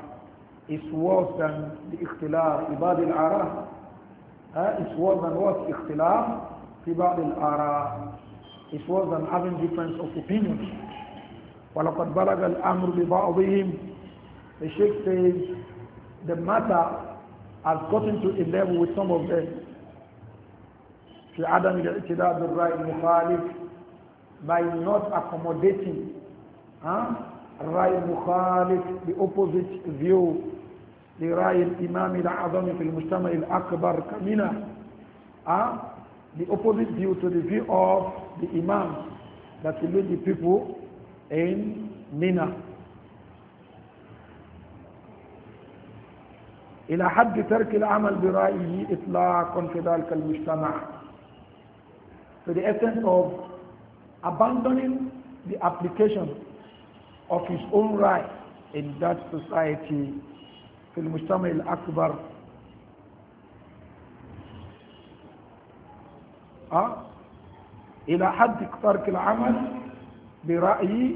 S1: is worse than the اختلاف عباد العراف uh, is worse than what اختلاف في بعض الآراء is worse than having difference of opinion. وَلَقَدْ بَلَغَ الْأَمْرُ بِبَعْضِهِمْ The Sheikh says, the matter has gotten to a level with some of them. في عدم الاعتداد بالرأي المخالف by not accommodating huh? الرأي المخالف the opposite view لرأي الإمام الأعظم في المجتمع الأكبر كمنا huh? the opposite view to the view of the Imam that will lead the people in Mina. إلى حد ترك العمل برأيه إطلاقا في ذلك المجتمع. To the extent of abandoning the application of his own right in that society في المجتمع الأكبر أه؟ إلى حد ترك العمل برأي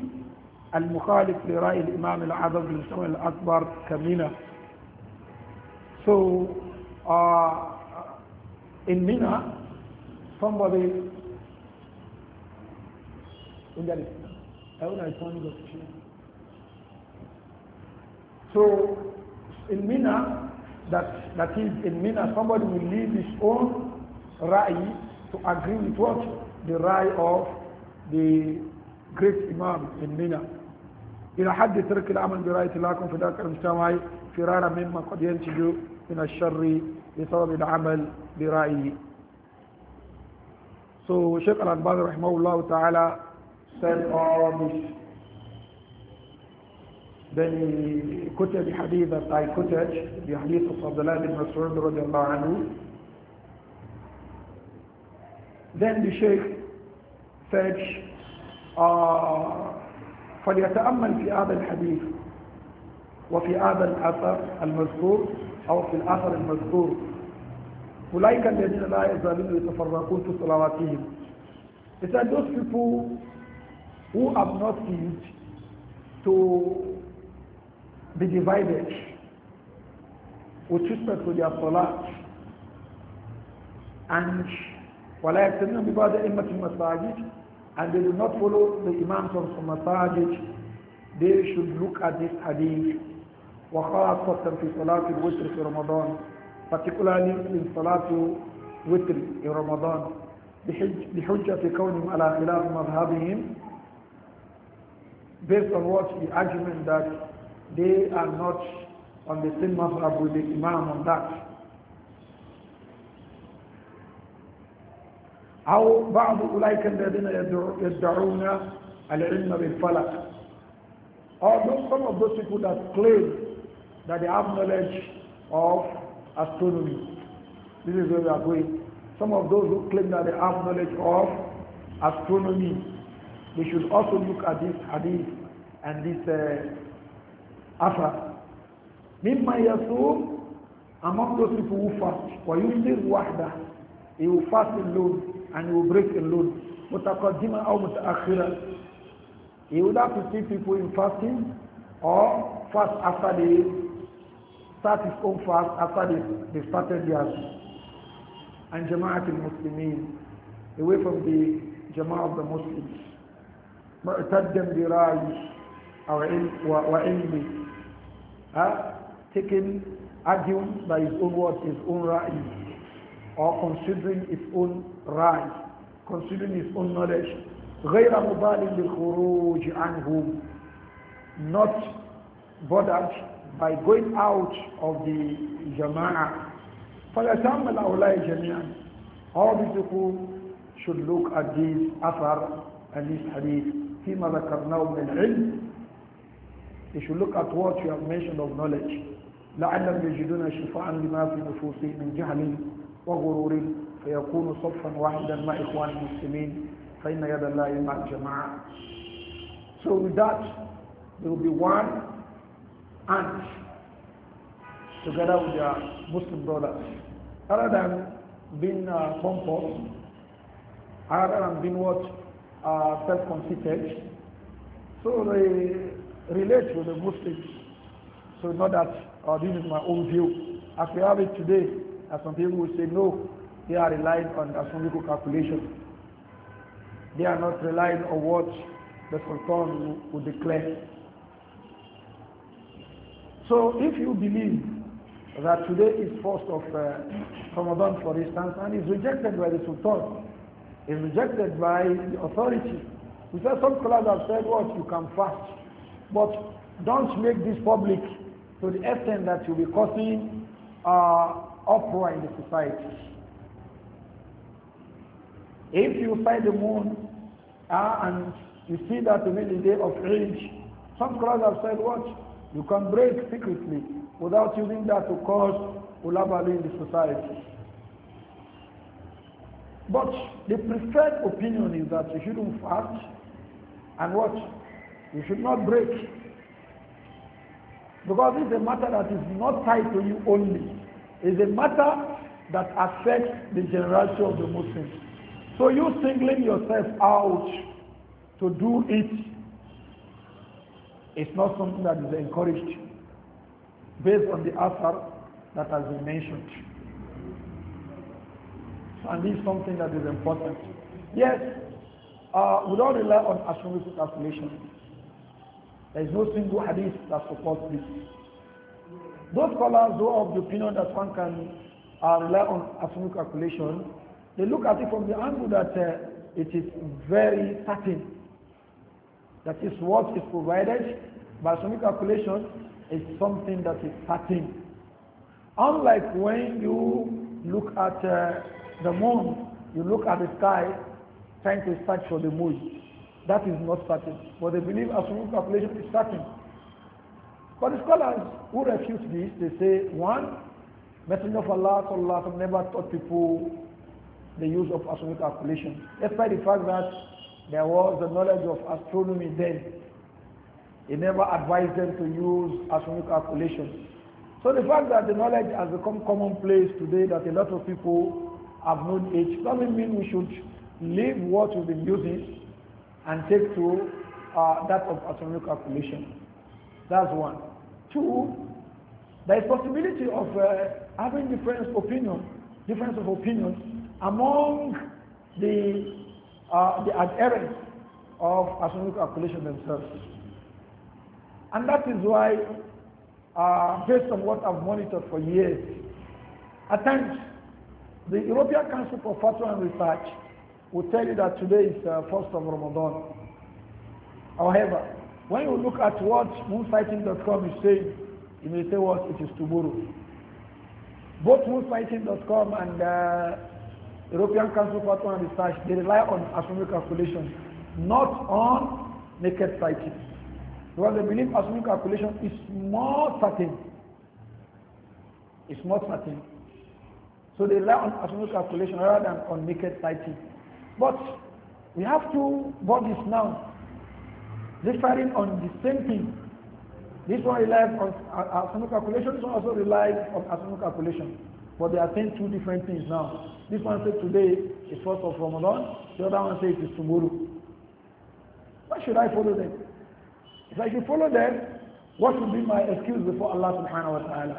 S1: المخالف لرأي الإمام العظم للشمع الأكبر كمينة So uh, in Mina, somebody in that is I would like to So in Mina, that, that is in Mina, somebody will leave his own right to agree with what? The right of the great Imam in Mina. إلى حد ترك العمل براية لكم في ذاك المجتمع فرارا مما قد ينتج من الشر بسبب العمل برأيه. So Sheikh Al-Albani rahimahullah ta'ala said all this. Then he quoted the hadith that I quoted, the hadith of Abdullah bin Mas'ud radiallahu then the Shaykh said, uh, فليتأمل في هذا الحديث وفي هذا الأثر المذكور أو في الأثر المذكور أولئك الذين لا يزالون يتفرقون في صلواتهم It's said those people who have not ceased to be divided with respect to their salat and وَلَا يَكْتَدِينَ بِبَعْدَ إِمَّةِ الْمَسَاجِدِ And they do not follow the imams of some masajid. They should look at this hadith. وَخَاصَةً فِي صَلَاةِ الْوِتْرِ فِي رَمَضَانِ Particularly in صلاة الوتر in Ramadan. بحجة كونهم على خلاف مذهبهم based on what the argument that they are not on the same mazhab with the imam on that. أو بعض أولئك الذين يدعون العلم بالفلك or those, some of those people that claim that they have knowledge of astronomy. This is where we are going. Some of those who claim that they have knowledge of astronomy, they should also look at this hadith and this uh, afra. Mimma yasum among those people who fast, وَيُنْذِرْ وَحْدَهُ He will fast alone and he will break to him, Mutakadima or mutaakhira. He would have to see people in fasting or fast after they start his own fast after they, they started theirs. And Jama'at al-Muslimin, away from the Jama'at of the Muslims. Mu'taddan bi ra'i wa ilmi. Taken arguing by his own words, his own right or considering its own right, considering its own knowledge. غير مبال للخروج عنه not bothered by going out of the jama'ah. فليتأمل أولئك جميعا all these people should look at this afar and this hadith فيما ذكرناه من العلم they should look at what you have mentioned of knowledge لعلهم يجدون شفاء لما في نفوسهم من جهل وغرور فيكون صفا واحدا مع إخوان المسلمين فإن يد الله مع So with that, there will be one and together with your Muslim brothers. Rather than being uh, pompous, rather than being what uh, self-conceited, so they relate with the Muslims. So not that uh, this is my own view. As we have it today, as some people will say, no, they are relying on astronomical calculation. They are not relying on what the Sultan will declare. So if you believe that today is first of uh, Ramadan, for instance, and is rejected by the Sultan, is rejected by the authority, we said some scholars have said, what, you can fast, but don't make this public to the extent that you'll be causing uh, uproar in the society. If you find the moon uh, and you see that in the day of age, some scholars have said, what? You can break secretly without using that to cause ulabali in the society. But the preferred opinion is that you shouldn't fast and what? You should not break. Because it's a matter that is not tied to you only is a matter that affects the generality of the Muslims. So you singling yourself out to do it is not something that is encouraged based on the author that has been mentioned. And this is something that is important. Yes, uh, we don't rely on astronomical calculations. There is no single hadith that supports this. Those scholars who of the opinion that one can uh, rely on absolute calculation, they look at it from the angle that uh, it is very certain. That is what is provided by astronomic calculation is something that is certain. Unlike when you look at uh, the moon, you look at the sky trying to search for the moon. That is not certain. But they believe absolute calculation is certain. But the scholars who refute this, they say, one, Messenger of Allah sallallahu never taught people the use of astronomical calculation, despite the fact that there was the knowledge of astronomy then. He never advised them to use astronomical calculation. So the fact that the knowledge has become commonplace today that a lot of people have known it doesn't mean we should leave what we've been using and take to uh, that of astronomical calculation. That's one. Two, there is possibility of uh, having different opinion, difference of opinion among the uh, the adherents of astronomical calculation themselves. And that is why, uh, based on what I've monitored for years, at times the European Council for Fatwa and Research will tell you that today is uh, first of Ramadan. However, when you look at what moonfighting.com is saying, you may say what it is tomorrow. Both moonfighting.com and uh, European Council for Atom Research, they rely on astronomical calculation, not on naked sighting. Because they believe astronomical calculation is more certain. It's more certain. So they rely on astronomical calculation rather than on naked sighting. But we have two bodies now referring on the same thing. This one relies on uh, astronomical calculation, this one also relies on astronomical calculation. But they are saying two different things now. This one says today is first of Ramadan, the other one says it is tomorrow. Why should I follow them? If I should follow them, what would be my excuse before Allah subhanahu wa ta'ala?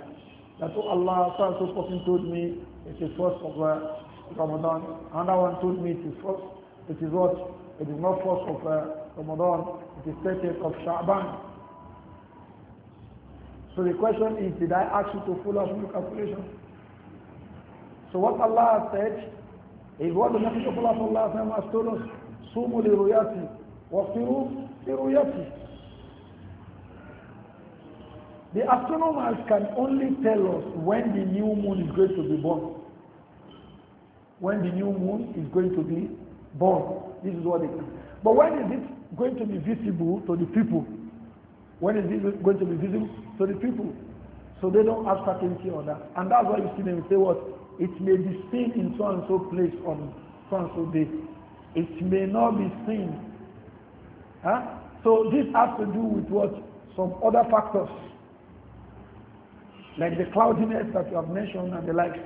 S1: That oh Allah, so and so person told me it is first of uh, Ramadan. Another one told me it is first, it is what? It is not first of uh, Ramadan the 30th of Shaban. So the question is, did I ask you to follow up your calculation? So what Allah said is what the Messenger of Allah has told us, Sumu li ruyati, wafiru li ruyati. The astronomers can only tell us when the new moon is going to be born. When the new moon is going to be born. This is what they can. But when is it going to be visible to the people? When is it going to be visible to the people? So they don't have certainty on that. And that's why you see them say what? It may be seen in so and so place on so and so day. It may not be seen. Huh? So this has to do with what? Some other factors. Like the cloudiness that you have mentioned and the like.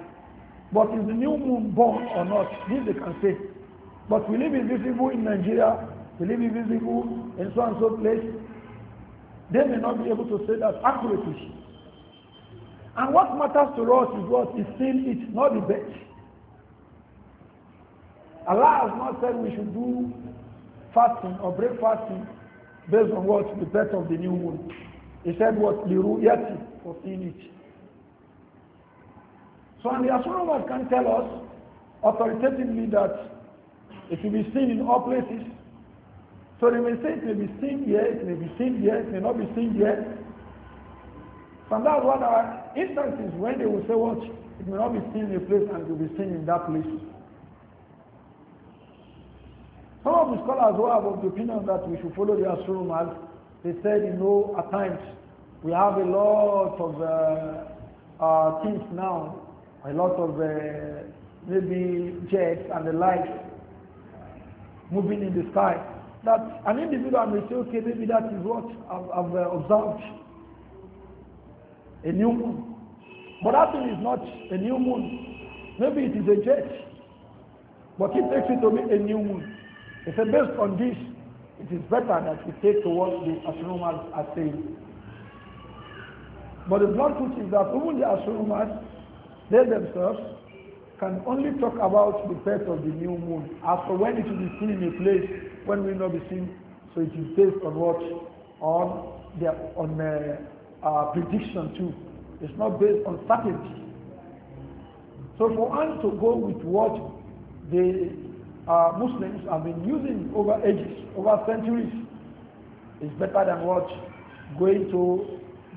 S1: But is the new moon born or not? This they can say. But will it be visible in Nigeria Will he be visible in so and so place? They may not be able to say that accurately. And what matters to us is what is seen it, not the bet. Allah has not said we should do fasting or break fasting based on what the birth of the new moon. He said what ruyati for seeing it. So and the astronomers can tell us authoritatively that it will be seen in all places so they may say it may be seen here, it may be seen here, it may not be seen here. And that's what our instances when they will say, what, it may not be seen in a place and it will be seen in that place. Some of the scholars who have the opinion that we should follow the astronomers, they said, you know, at times we have a lot of uh, uh, things now, a lot of uh, maybe jets and the like moving in the sky. That an individual may say, okay, maybe that is what I've, I've uh, observed. A new moon. But that thing is not a new moon. Maybe it is a jet. But he takes it to be a new moon. He said, based on this, it is better that we take to what the astronomers are saying. But the blunt truth is that even the astronomers, they themselves, can only talk about the birth of the new moon. As for when it will be seen in a place, when will not be seen, so it is based on what? On their on uh, uh, prediction too. It's not based on certainty. So for us to go with what the uh, Muslims have been using over ages, over centuries, is better than what going to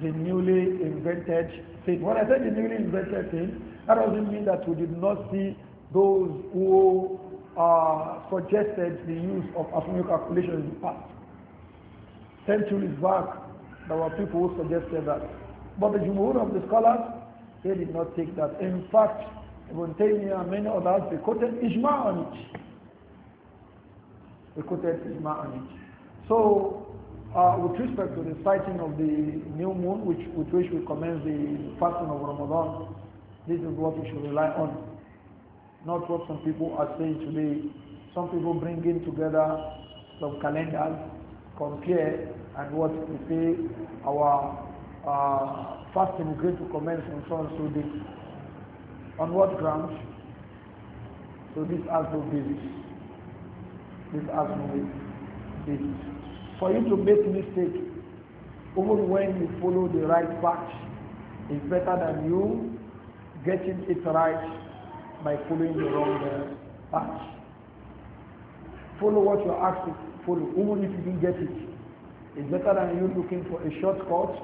S1: the newly invented thing. When I say the newly invented thing, that doesn't mean that we did not see those who uh, suggested the use of astronomical calculations in the past. Centuries back, there were people who suggested that. But the Jumhur of the scholars, they did not take that. In fact, Ibn Taymiyyah and many others, they quoted Ijma on it. They quoted Ijma on it. So, uh, with respect to the sighting of the new moon, which, with which we commence the fasting of Ramadan, this is what we should rely on, not what some people are saying today. Some people bring in together some calendars, compare, and what we say our uh, fasting is going to commence on so and so On what grounds? So this has no basis. This has no basis. For you to make mistake, even when you follow the right path, is better than you getting it right by following the wrong uh, path. Follow what you're asked to follow, even if you didn't get it. It's better than you looking for a shortcut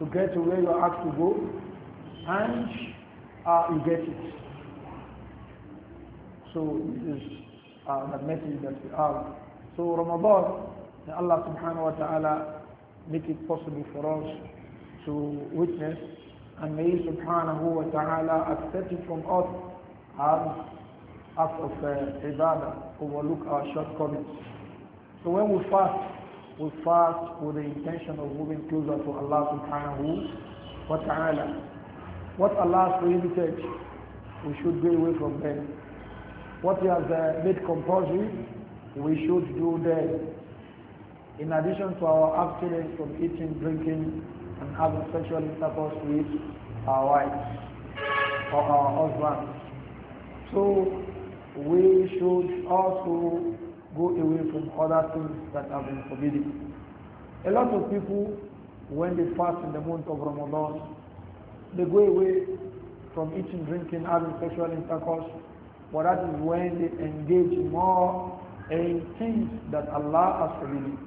S1: to get to where you're asked to go and uh, you get it. So this is uh, the message that we have. So Ramadan, may Allah subhanahu wa ta'ala make it possible for us to witness and may He subhanahu wa ta'ala accept it from us as act of uh, ibadah, overlook our shortcomings. So when we fast, we fast with the intention of moving closer to Allah subhanahu wa ta'ala. What Allah has prohibited, we should be away from them. What He has uh, made compulsory, we should do them. In addition to our abstinence from eating, drinking, and having sexual intercourse with our wives or our husbands. So we should also go away from other things that have been forbidden. A lot of people, when they fast in the month of Ramadan, they go away from eating, drinking, having sexual intercourse, but that is when they engage more in things that Allah has forbidden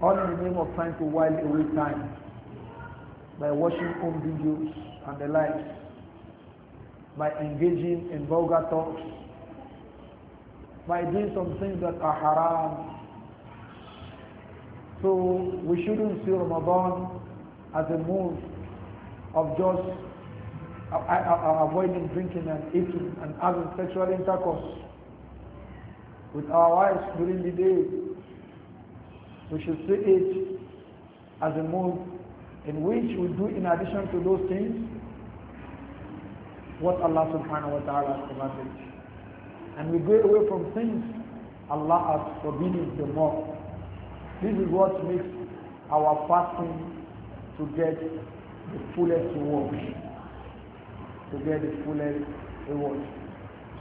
S1: all in the name of trying to while away time by watching home videos and the likes, by engaging in vulgar talks, by doing some things that are haram. So we shouldn't see Ramadan as a move of just uh, uh, uh, avoiding drinking and eating and having sexual intercourse with our wives during the day we should see it as a mode in which we do in addition to those things what Allah subhanahu wa ta'ala has commanded. And we go away from things Allah has forbidden the more. This is what makes our fasting to get the fullest reward. To get the fullest reward.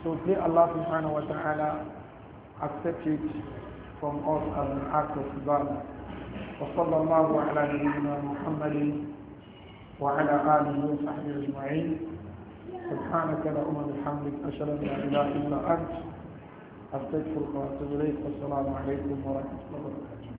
S1: So may Allah subhanahu wa ta'ala accept it from us as an وصلى الله على نبينا محمد وعلى آله وصحبه أجمعين سبحانك اللهم وبحمدك أشهد أن لا إله إلا أنت أستغفرك وأتوب إليك والسلام عليكم ورحمة الله وبركاته